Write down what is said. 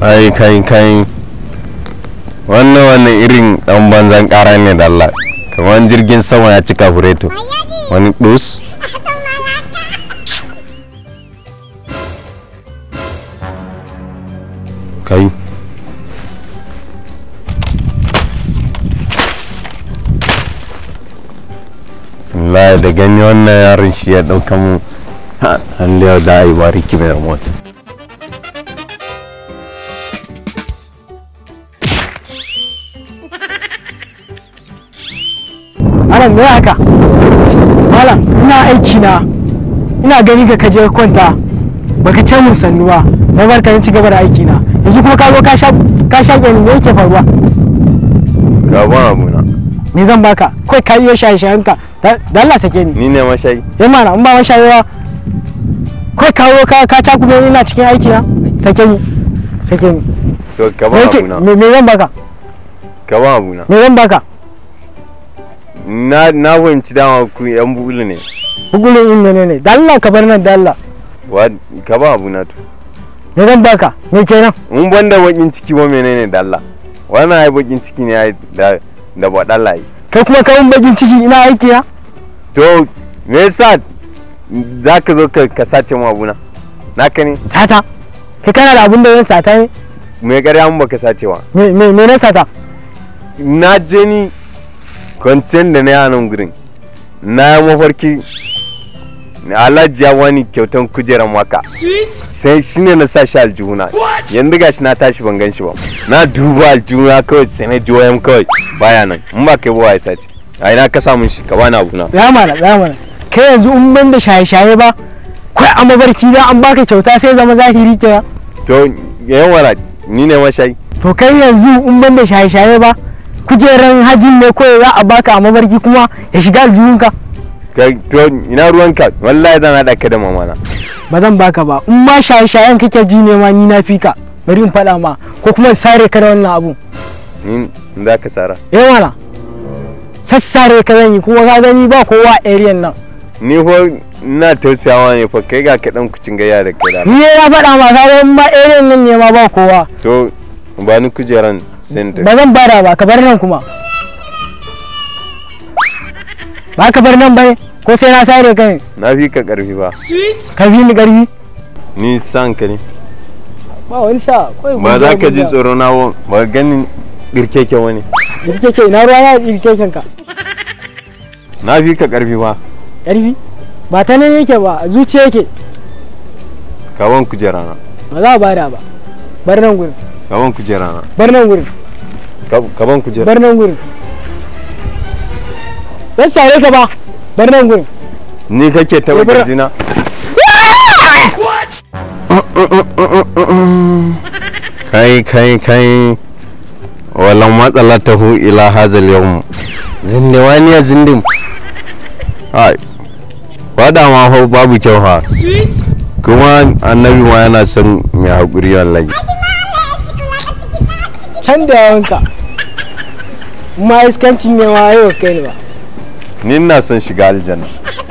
ai kai kai wannan wannan irin dan banzan kara ne da Allah kamar jirgin sama ya cika fureto wani dus kai Allah da gani wannan yarin shi ya dauka mu har yau da ai bariki mai mota malam me haka malam ina aiki na ina gani ka kaje kwanta baka ce mun sannu ba na bar ka ci gaba da aiki na yanzu kuma ka zo ka sha ka sha gani me yake faruwa ga ba mu na ni zan baka kai ka yi shaye shayen ka da Allah sake ni ni ne ma shayi eh mana in ba ma ba kai ka zo ka ka ta kuma ina cikin aiki na sake ni sake ni to ka ba mu na me zan baka ka ba mu na me zan baka na na wanci dama ku yan bugulu ne bugulu in ne ne dalla ka bar nan dalla wa ka ba abu na to ne zan baka me kenan mun banda bakin ciki wa menene dalla wannan ai bakin ciki ne ai da da ba dalla ai kai kuma kai bakin ciki ina aiki na to me yasa ka zo ka ka sace mu abuna naka ne sata kai kana da abun da zan sata ne me ƙarya mun baka sacewa me me nan sata na je ni kwanciyar da na yi gurin na yi mafarki alhaji ya wani kyautan kujeran waka sai shi ne na sa shi aljihuna yanzu ga shi na tashi ban gan shi ba na duba aljihuna kawai sai na ji wayan kawai baya nan in ba kai buwa ya sace ai na ka samun shi ka bani abu na zamana zamana kai yanzu in ban da shaye-shaye ba kai a mabarki za an baka kyauta sai zama zahiri kenan to yawan wara ni ne mashayi to kai yanzu in ban da shaye-shaye ba kujeran hajin ne ko za a baka a mabarki kuma ya shiga aljihunka to ina ruwanka wallahi zan haɗa ka da mamana ba zan baka ba in ma shaye-shayen kake ji ne ma ni na fi ka bari in faɗa ma ko kuma sare ka da wannan abu. ni za ka sara eh mana sassare ka zan yi kuma ka gani ba kowa a area nan ni ho na tausayawa ne fa kai ga ka dan kucin gaya da kai ni ya faɗa ma ka ga in ma area nan ne ma ba kowa to ba ni kujeran ba zan bara ba ka bar nan kuma ba ka bar nan bane ko sai na sare kai na fi ka karfi ba ka fi ni karfi ni san ka ne ba wani sa ba za ka ji tsoro na won ba ganin birkeke wani birkeke ina ruwa na birkeken ka na fi ka karfi ba karfi ba ta nan yake ba zuciya yake ka kujera na ba za a da ba bar nan gurin ka kujera na bar nan gurin kaban kujera bar nan gurin dan sare ka ba bar nan gurin ni kake taba kirjina kai kai kai walan matsala ta hu ila hazal yawm zinde wani ya zindim. ai wada ma ho babu kyau ha kuma annabi ma yana son mai haƙuri wallahi can da yawanka ma iskanci ne ma yau kai ne ba ni na son shiga aljanna